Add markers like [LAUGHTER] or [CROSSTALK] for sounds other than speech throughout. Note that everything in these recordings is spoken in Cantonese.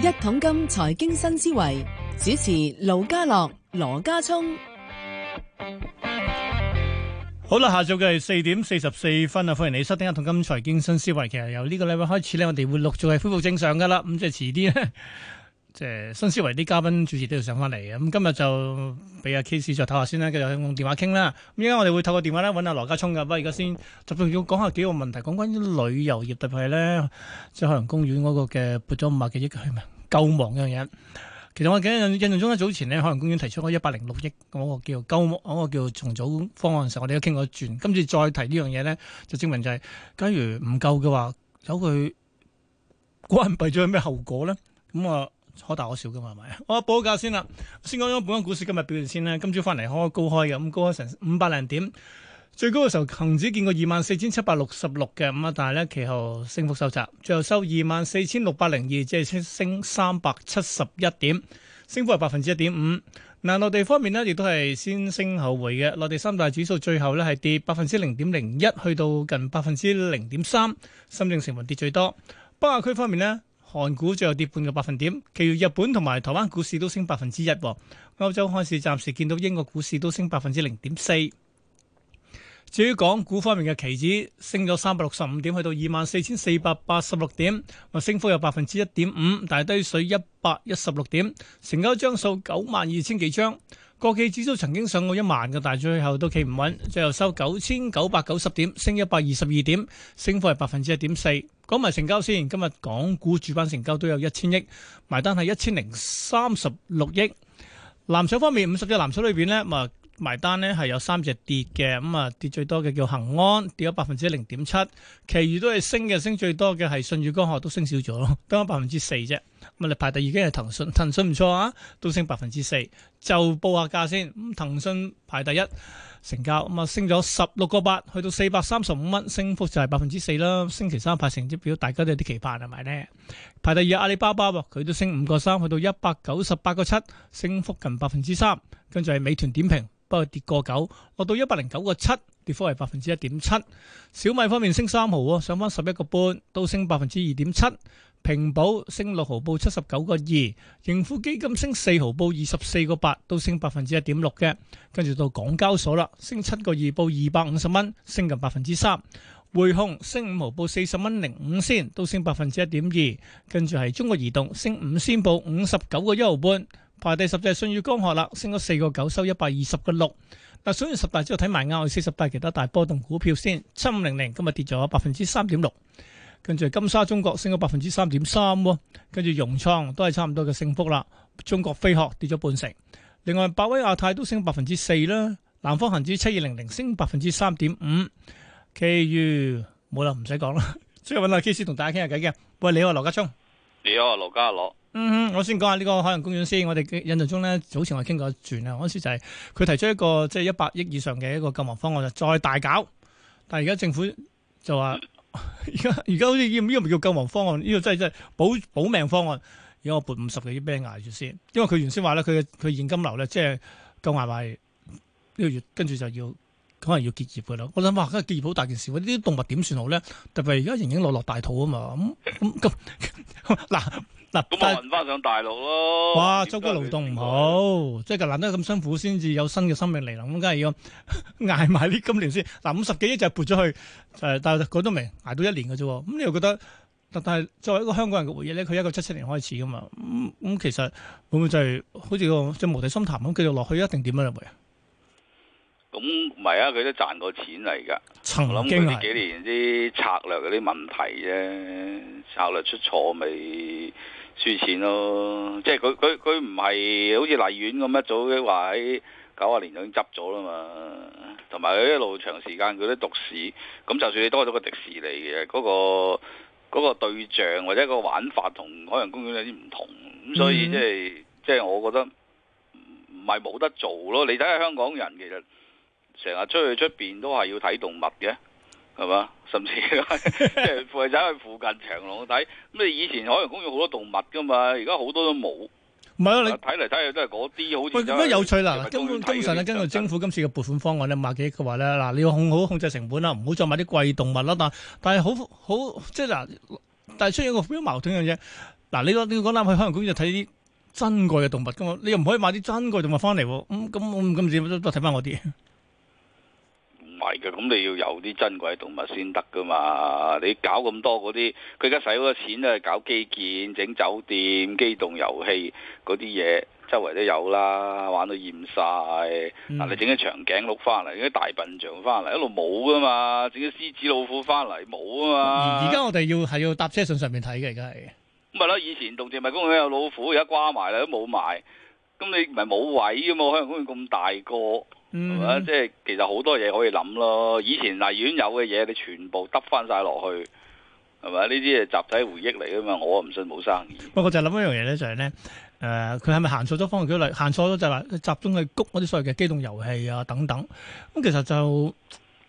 一桶金財經新思維，主持盧家樂、羅家聰，好啦，下晝嘅係四點四十四分啊！歡迎你收聽一桶金財經新思維。其實由呢個禮拜開始咧，我哋會陸續係恢復正常噶啦。咁即係遲啲咧。即係新思維啲嘉賓、主持都要上翻嚟嘅，咁今日就俾阿 K 師再唞下先啦，繼續用電話傾啦。咁依家我哋會透過電話咧揾阿羅家聰噶，不過而家先就仲要講下幾個問題，講關於旅遊業特別係咧即係海洋公園嗰個嘅撥咗五十幾億去咪？救亡一樣嘢。其實我印象中咧早前咧海洋公園提出嗰一百零六億嗰個叫救嗰、嗰個叫重組方案嘅時候，我哋都傾過轉，今次再提呢樣嘢咧就證明就係、是、假如唔夠嘅話，走佢關閉咗有咩後果咧？咁、嗯、啊～可大可小噶嘛，係咪？我啊報個價先啦，先講咗本港股市今日表現先啦。今朝翻嚟開高開嘅，咁高開成五百零點，最高嘅時候恒指見過二萬四千七百六十六嘅，咁啊但係咧其後升幅收窄，最後收二萬四千六百零二，即係升升三百七十一點，升幅係百分之一點五。嗱、呃，內地方面呢，亦都係先升後回嘅，內地三大指數最後呢，係跌百分之零點零一，去到近百分之零點三，深圳成分跌最多。北亞區方面呢。韓股最後跌半個百分點，其餘日本同埋台灣股市都升百分之一。歐洲開市，暫時見到英國股市都升百分之零點四。至於港股方面嘅期指升咗三百六十五點，去到二萬四千四百八十六點，啊升幅有百分之一點五，但係低水一百一十六點，成交張數九萬二千幾張。國企指數曾經上過一萬嘅，但係最後都企唔穩，最後收九千九百九十點，升一百二十二點，升幅係百分之一點四。講埋成交先，今日港股主板成交都有一千億，埋單係一千零三十六億。藍籌方面，五十隻藍籌裏邊呢。埋單咧係有三隻跌嘅，咁、嗯、啊跌最多嘅叫恒安，跌咗百分之零點七，其餘都係升嘅，升最多嘅係舜宇光學，都升少咗咯，得翻百分之四啫。咁啊、嗯、排第二嘅係騰訊，騰訊唔錯啊，都升百分之四，就報下價先。咁、嗯、騰訊排第一成交，咁、嗯、啊升咗十六個八，去到四百三十五蚊，升幅就係百分之四啦。星期三派成績表，大家都有啲期盼係咪咧，排第二阿里巴巴喎，佢都升五個三，去到一百九十八個七，升幅近百分之三。跟住係美團點評，不過跌個九，落到一百零九個七，跌幅係百分之一點七。小米方面升三毫上返十一個半，都升百分之二點七。平保升六毫，報七十九個二。盈富基金升四毫，報二十四個八，都升百分之一點六嘅。跟住到港交所啦，升七個二，報二百五十蚊，升近百分之三。匯控升五毫，報四十蚊零五先，都升百分之一點二。跟住係中國移動，升五先，報五十九個一毫半。排第十隻信宇光學啦，升咗四個九，收一百二十個六。嗱，數完十大之後睇埋啱我四十大其他大波動股票先，七五零零今日跌咗百分之三點六，跟住金沙中國升咗百分之三點三，跟住融創都係差唔多嘅升幅啦。中國飛鶴跌咗半成，另外百威亞太都升百分之四啦。南方恒指七二零零升百分之三點五，其餘冇啦，唔使講啦。所以揾阿 K 師同大家傾下偈嘅，喂，你好啊，羅家聰，你好啊，羅家樂。我先講下呢個海洋公園先。我哋印象中咧，早前我傾過一轉啊，嗰時就係佢提出一個即係一百億以上嘅一個救亡方案，就再大搞。但係而家政府就話，而家而家好似呢個唔叫救亡方案，呢個真係真係保保命方案。要我撥五十幾億畀佢捱住先。因為佢原先話咧，佢佢現金流咧，即係夠捱埋呢個月，跟住就要可能要結業噶啦。我諗啊，咁結業好大件事，嗰啲動物點算好咧？特別而家盈盈落落大肚啊嘛，咁咁咁嗱。嗱，咁我運翻上大陸咯！啊、哇，中國勞動唔好，即係難得咁辛苦先至有新嘅生命嚟臨，咁梗係要挨埋啲今年先。嗱、啊、五十幾億就係撥咗去，誒，但係佢都明，挨到一年嘅啫。咁你又覺得？但係作為一個香港人嘅回憶咧，佢一九七七年開始噶嘛。咁、嗯嗯、其實會唔會就係好似個即無底深潭咁繼續落去，一定點啊？會啊？咁唔係啊？佢都賺到錢嚟噶。曾經呢幾年啲策略嗰啲問題啫，策略出錯未、就是？輸錢咯，即係佢佢佢唔係好似荔園咁一早嘅話喺九啊年已經執咗啦嘛。同埋佢一路長時間佢都獨市，咁就算你多咗個迪士尼嘅嗰個嗰、嗰個、對象或者個玩法同海洋公園有啲唔同，咁所以即係、嗯、即係我覺得唔係冇得做咯，你睇下香港人其實成日出去出邊都係要睇動物嘅。係嘛？甚至即係富慧仔去附近長隆睇。咁你以前海洋公園好多動物噶嘛？而家好多都冇。唔係啊，你睇嚟睇去都係嗰啲好似。咁樣有趣嗱、啊！根本晨啊，根據政府今次嘅撥款方案咧，買幾個佢話咧嗱，你要控好控制成本啦，唔好再買啲貴動物啦。但但係好好即係嗱，但係出現一個非常矛盾一樣嘢。嗱，你你講嗱去海洋公園就睇啲珍貴嘅動物㗎嘛？你又唔可以買啲珍貴動物翻嚟？咁咁今次都都睇翻我啲。嚟嘅，咁你要有啲珍貴動物先得噶嘛？你搞咁多嗰啲，佢而家使好多錢呀，搞基建、整酒店、機動遊戲嗰啲嘢，周圍都有啦，玩到厭晒，嗱、嗯，你整咗長頸鹿翻嚟，啲大笨象翻嚟，一路冇噶嘛，整咗獅子老虎翻嚟冇啊嘛。而家我哋要係要搭車信上上面睇嘅，而家係咁咪咯。以前動植物公園有老虎，而家瓜埋啦，都冇埋。咁你唔係冇位噶嘛？海洋公園咁大個。係嘛？即係其實好多嘢可以諗咯。以前荔園、呃、有嘅嘢，你全部得翻晒落去，係嘛？呢啲係集體回憶嚟噶嘛？我唔信冇生意。不、嗯、我就諗一樣嘢咧，就係咧，誒、呃，佢係咪行錯咗方向佢例？行錯咗就係話集中去谷嗰啲所謂嘅機動遊戲啊等等。咁、嗯、其實就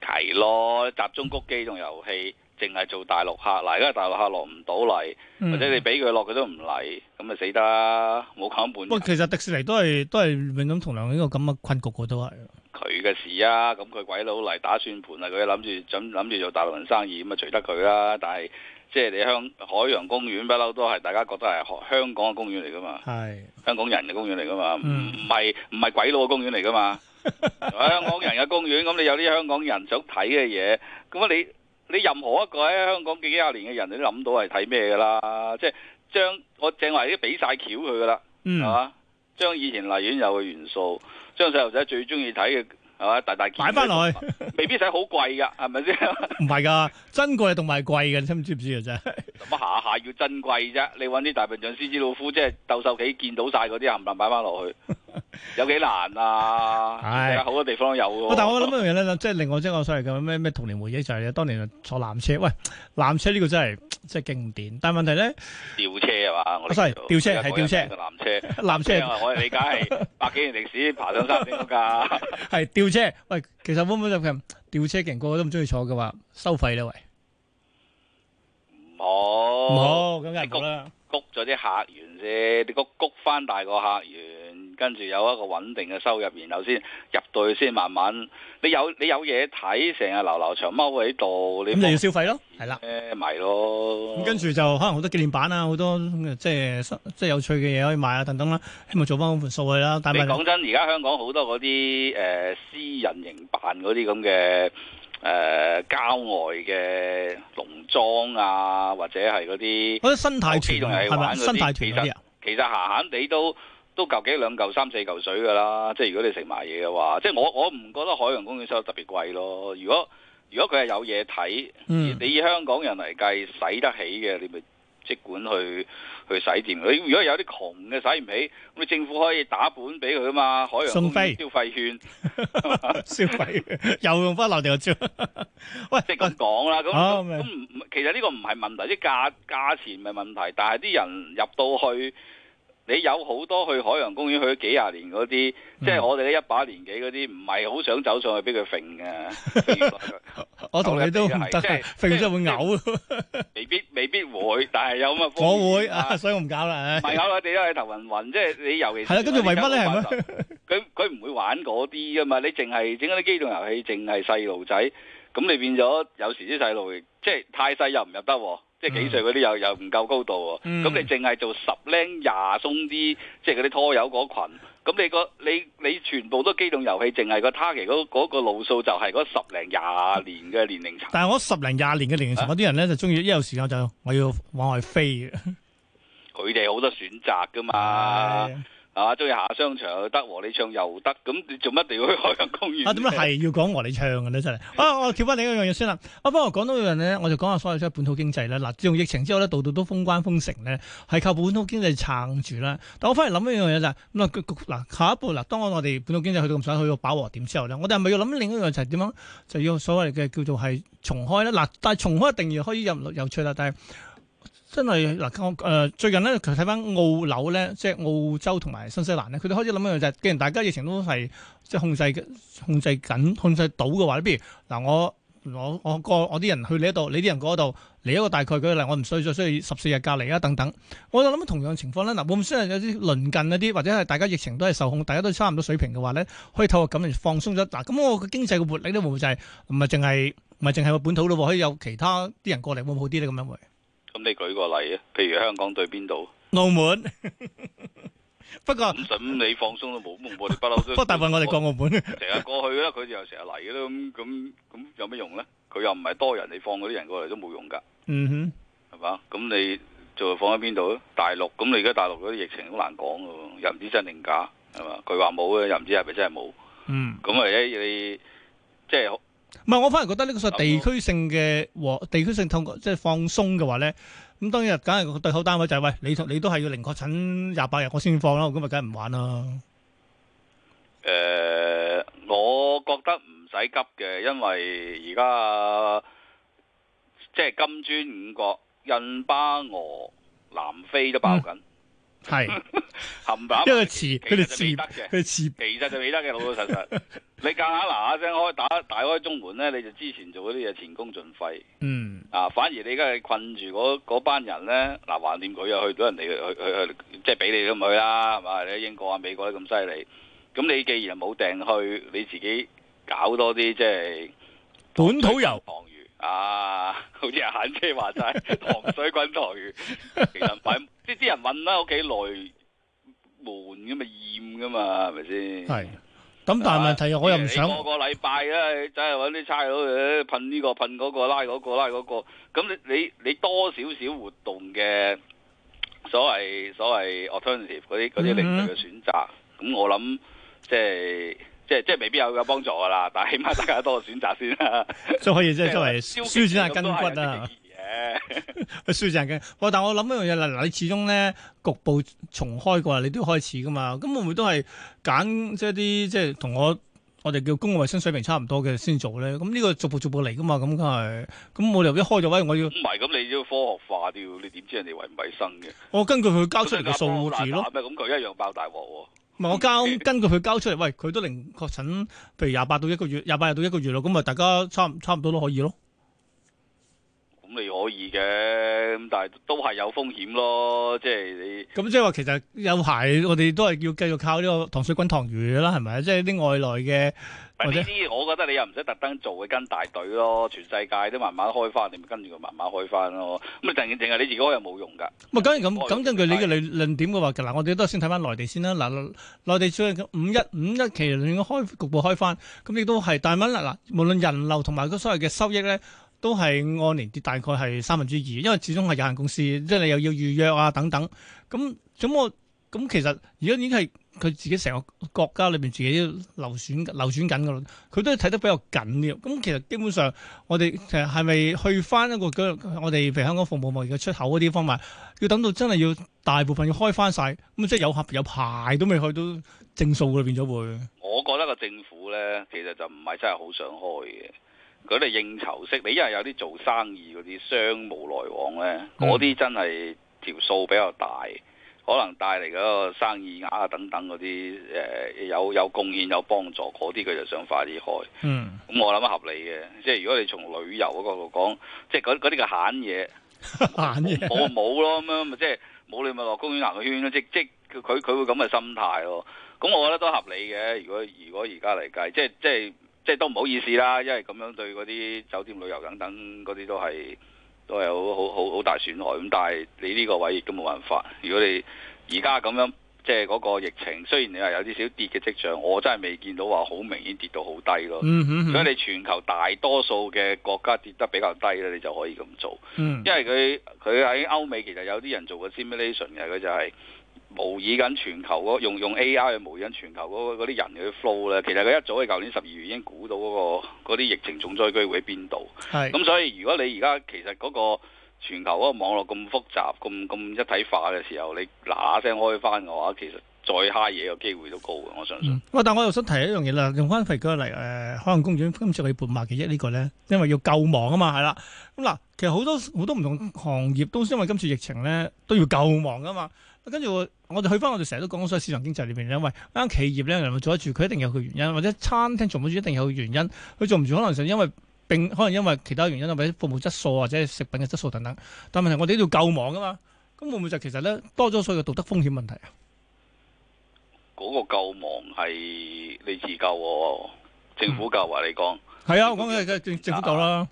係咯，集中谷機動遊戲。淨係做大陸客。嗱，而家大陸客落唔到嚟，嗯，或者你俾佢落，佢都唔嚟，咁咪死得，冇冚盤。不過其實迪士尼都係都係永咁同樣呢個咁嘅困局噶，都係。佢嘅事啊，咁佢鬼佬嚟打算盤啊，佢諗住諗諗住做大陸人生意，咁啊隨得佢啦。但係即係你香海洋公園不嬲都係大家覺得係香港嘅公園嚟噶嘛，係是香港人嘅公園嚟噶嘛，唔係唔係鬼佬嘅公園嚟噶嘛， [LAUGHS] 香港人嘅公園，咁你有啲香港人想睇嘅嘢，咁啊你。你任何一個喺香港幾幾廿年嘅人，你都諗到係睇咩㗎啦？即係將我正話已經俾晒橋佢噶啦，係嘛、嗯？將以前荔園有嘅元素，將細路仔最中意睇嘅係嘛大大件擺翻落去，未必使好貴噶，係咪先？唔係㗎，珍貴同埋貴嘅，知唔知啊？真係 [LAUGHS] 下下要珍貴啫？你揾啲大笨象、獅子、老虎，即係鬥獸棋見到晒嗰啲，冚唪唥擺翻落去。 [LAUGHS] 有幾難啊！係好多地方都有喎。但係我諗一樣嘢咧，即係另外即係我所謂嘅咩咩童年回憶就係當年坐纜車。喂，纜車呢個真係即係經典。但係問題咧，吊車啊嘛？唔係吊車係吊車，纜車。纜車我理解係百幾年歷史，爬上山㗎。係吊車。喂，其實根本就，近吊車，個人個個都唔中意坐嘅話，收費咧喂。唔好唔好，梗係谷啦，谷咗啲客源先，你谷谷翻大個客源。跟住有一個穩定嘅收入，然後先入到去，先慢慢你有你有嘢睇，成日流流長踎喺度，你咁就要消費咯，係、啊、啦，咪咯了。咁、嗯、跟住就可能好多紀念版啊，好多、嗯、即係即係有趣嘅嘢可以買啊，等等啦、啊，希望做翻數位啦。但係你講真，而家香港好多嗰啲誒私人營辦嗰啲咁嘅誒郊外嘅農莊啊，或者係嗰啲，嗰啲生態團係、啊、嘛？生態團嗰、啊、其實閒閒哋都。都夠幾兩嚿三四嚿水噶啦，即係如果你食埋嘢嘅話，即係我我唔覺得海洋公園收得特別貴咯。如果如果佢係有嘢睇，嗯、你以香港人嚟計使得起嘅，你咪即管去去使掂佢。如果有啲窮嘅使唔起，咁你政府可以打本俾佢噶嘛？海洋消費券，消費又用翻留定個招。喂， [LAUGHS] [LAUGHS] 你咁講啦，咁、啊、都、啊、其實呢個唔係問題，啲價價錢唔係問題，但係啲人入到去。你有好多去海洋公園去咗幾廿年嗰啲，即係我哋呢一把年紀嗰啲，唔係好想走上去俾佢揈嘅。我同你都唔得，揈咗會嘔。未必未必會，但係有乜？我會啊，所以我唔搞啦。唔係嘔啊，你都係頭暈暈，即係你尤其係。係啦，跟住為乜咧？係咪佢佢唔會玩嗰啲㗎嘛？你淨係整嗰啲機動遊戲，淨係細路仔，咁你變咗有時啲細路即係太細又唔入得喎。嗯、即係幾歲嗰啲又又唔夠高度喎、啊，咁、嗯、你淨係做十零廿鬆啲，即係嗰啲拖友嗰羣，咁你個你你全部都機動遊戲，淨係個 target 嗰、嗰個路數就係嗰十零廿年嘅年齡層。但係嗰十零廿年嘅年齡層，嗰啲、啊、人咧就鍾意一有時間就我要往外飛。佢哋好多選擇㗎嘛。啊，中意下商場又得，和你唱又得，咁你做乜一定要去海洋公園啊 [LAUGHS] 啊？啊，點解係要講和你唱嘅咧？真係啊，我叫翻另一樣嘢先啦。我翻嚟廣東嘢，咧，我就講下所謂嘅本土經濟咧。嗱、啊，自從疫情之後咧，度度都封關封城咧，係靠本土經濟撐住啦。但我翻嚟諗一樣嘢就係、是、咁啊，嗱，下一步嗱、啊，當我哋本土經濟去到咁想去到飽和點之後咧，我哋係咪要諗另一樣就係點樣就要所謂嘅叫做係重開咧？嗱、啊啊，但係重開一定要可以入入出啦，但係。真係嗱，咁誒最近咧，其實睇翻澳樓咧，即係澳洲同埋新西蘭咧，佢哋開始諗緊就係，既然大家疫情都係即係控制、控制緊、控制到嘅話咧，不如嗱，我我我個我啲人去你度，你啲人過度嚟一個大概嘅，例如我唔需要再需要十四日隔離啊等等。我就諗同樣情況咧，嗱，我唔需要有啲鄰近嗰啲，或者係大家疫情都係受控，大家都差唔多水平嘅話咧，可以透過咁嚟放鬆咗嗱。咁我嘅經濟嘅活力都冇就係唔係淨係唔係淨係個本土咯，可以有其他啲人過嚟會唔會好啲咧？咁樣會。咁你舉個例啊？譬如香港對邊度？澳門。 [LAUGHS] 不過唔准你放鬆都冇用不嬲都。不過大部分我哋過澳門，成 [LAUGHS] 日過去啦，佢就成日嚟嘅啦。咁咁咁有咩用咧？佢又唔係多人，你放嗰啲人過嚟都冇用噶。嗯哼，係嘛？咁你就放喺邊度咧？大陸？咁你而家大陸嗰啲疫情好難講嘅，又唔知真定假，係嘛？佢話冇嘅，又唔知係咪真係冇。嗯。咁或者你，你即係。唔係，我反而覺得呢個係地區性嘅和地區性通，即係放鬆嘅話咧，咁當然又梗係對口單位就係、是、喂，你你都係要零確診廿八日，我先放啦，我今日梗係唔玩啦。誒，我覺得唔使、呃、急嘅，因為而家、啊、即係金磚五國、印巴、俄、南非都爆緊。嗯。係，冚唪唥， [LAUGHS] 因為詞佢哋未得嘅，佢詞其實就未得嘅，老老實實。 [LAUGHS] 你夾硬嗱下聲開打大開中門咧，你就之前做嗰啲嘢前功盡廢。嗯，啊，反而你而家係困住嗰班人咧，嗱，橫掂佢又去到人哋去去去，即係俾你都唔去啦，係嘛？你喺英國啊、美國都咁犀利，咁你既然冇掟去，你自己搞多啲即係本土遊。啊！好似人行車話齋糖水滾台，其實問即係啲人問啦，幾耐悶咁啊厭噶嘛，係咪先？係咁，但係問題我又唔想個、啊、個禮拜咧、啊，真係揾啲差佬去噴呢個噴嗰個拉嗰個拉嗰個，咁、那個那個那個、你你你多少少活動嘅所謂所謂 alternative 嗰啲嗰啲另類嘅選擇，咁、嗯、哼我諗即係。即係即係未必有有幫助噶啦，但係起碼大家多個選擇先啦，都 [LAUGHS] 可以即係作為舒展下筋骨啦、啊。舒展下筋，哦、但我但係我諗一樣嘢，嗱，你始終咧局部重開嘅話，你都要開始噶嘛，咁會唔會都係揀即係啲即係同我我哋叫公共衞生水平差唔多嘅先做咧？咁呢個逐步逐步嚟噶嘛，咁梗係咁我哋一開咗位，我要唔係咁你要科學化啲，你點知人哋衞唔衞生嘅？我、哦、根據佢交出嚟嘅數字咯，咁佢一樣爆大鑊喎。唔係我交，根據佢交出嚟，喂，佢都零確診，譬如廿八到一個月，廿八日到一個月咯，咁啊，大家差唔差唔多都可以咯。咁你可以嘅，咁但係都係有風險咯，即係你。咁、嗯、即係話其實有排，我哋都係要繼續靠呢個糖水滾糖魚嘅啦，係咪啊？即係啲外來嘅。呢啲我覺得你又唔使特登做佢跟大隊咯，全世界都慢慢開翻，你咪跟住佢慢慢開翻咯。咁啊，淨定係你如果又冇用㗎。咁啊，咁咁根據你嘅論論點嘅話，嗱的，我哋都係先睇翻內地先啦。嗱，內地最近五一五一期連開局部開翻，咁亦都係大蚊啦。嗱，無論人流同埋個所謂嘅收益咧，都係按年跌大概係三分之二，3，因為始終係有限公司，即係你又要預約啊等等。咁咁我。咁其實而家已經係佢自己成個國家裏邊自己流流都流損流損緊噶啦，佢都係睇得比較緊啲。咁其實基本上我哋誒係咪去翻一個我哋譬如香港服務業嘅出口嗰啲方面，要等到真係要大部分要開翻晒，咁即係有合有排都未去到正數裏邊咗會。我覺得個政府咧，其實就唔係真係好想開嘅，佢哋應酬式，你因為有啲做生意嗰啲商務來往咧，嗰啲真係條數比較大。可能帶嚟嗰個生意額等等嗰啲誒有有貢獻有幫助嗰啲佢就想快啲開，嗯，咁我諗合理嘅，即係如果你從旅遊嗰角度講，即係嗰啲嘅閒嘢，閒嘢冇事就冇咯，咁樣咪即係冇你咪落公園行個圈咯，即即佢佢會咁嘅心態咯，咁我覺得都合理嘅。如果如果而家嚟計，即係即係即係都唔好意思啦，因為咁樣對嗰啲酒店旅遊等等嗰啲都係。都係好好好大損害咁，但係你呢個位亦都冇辦法。如果你而家咁樣，即係嗰個疫情，雖然你話有啲少跌嘅跡象，我真係未見到話好明顯跌到好低咯。嗯、哼哼，所以你全球大多數嘅國家跌得比較低咧，你就可以咁做。因為佢佢喺歐美其實有啲人做過 simulation 嘅，佢就係、是。模擬緊全球用用 A I 去模擬緊全球嗰啲人去 flow 咧，其實佢一早喺舊年十二月已經估到嗰、嗰個嗰啲疫情重災區會喺邊度。係咁是，所以如果你而家其實嗰個全球嗰個網絡咁複雜、咁咁一體化嘅時候，你嗱嗱聲開翻嘅話，其實再嗨嘢嘅機會都高嘅，我相信。喂、嗯，但我又想提一樣嘢啦，用翻肥哥嚟誒海洋公園今次去撥五十幾億呢個咧，因為要救亡啊嘛，係啦。咁嗱，其實好多好多唔同行業都因為今次疫情咧都要救亡啊嘛。跟住我哋去翻，我哋成日都講，所以市場經濟裏邊，因為間企業咧能夠做得住，佢一定有佢原因；或者餐廳做唔住，一定有原因。佢做唔住，可能就因為並可能因為其他原因，或者服務質素或者食品嘅質素等等。但係問題，我哋呢度救亡噶嘛？咁會唔會就其實咧多咗所有嘅道德風險問題啊？嗰個救亡係你自救，政府救話你講。係啊，我講嘅係政府救啦。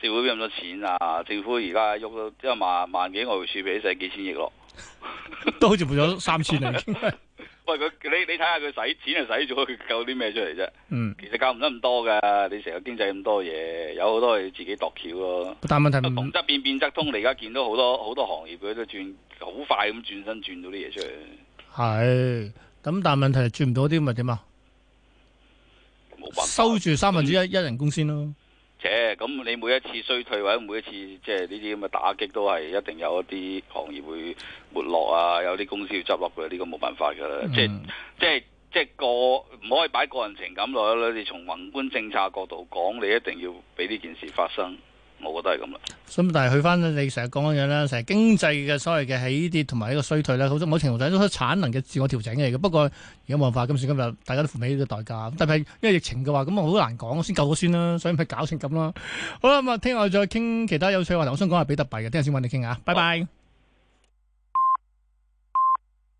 政府俾咁多錢啊？政府而家喐到即係萬萬幾外匯儲備幾千億咯。 [LAUGHS] 都好似賠咗三千啊！ [LAUGHS] 喂，佢你你睇下佢使錢係，使咗夠啲咩出嚟啫？嗯，其實教唔得咁多噶，你成個經濟咁多嘢，有好多係自己度橋咯。但問題動則變，變則通。你而家見到好多好多行業佢都轉好快咁轉身轉到啲嘢出嚟。係，咁但係問題係轉唔到啲，咪點啊？冇辦法，收住三分之一一人工先咯。咁你每一次衰退或者每一次即係呢啲咁嘅打擊都係一定有一啲行業會沒落啊，有啲公司要執笠嘅，呢個冇辦法㗎啦。即係即係即係個唔可以擺個人情感落去。你從宏觀政策角度講，你一定要俾呢件事發生。我覺得係咁啦，咁但係去翻你成日講嘅嘢啦，成日經濟嘅所謂嘅起跌同埋呢個衰退咧，好多某程度上都係產能嘅自我調整嚟嘅。不過而家冇辦法，今時今日大家都付起呢個代價，但係因為疫情嘅話，咁啊好難講，救先救咗先啦，所以咪搞成咁啦。好啦，咁啊，聽日再傾其他有趣嘅話題。我想講下比特幣嘅，聽日先揾你傾吓。拜拜。嗯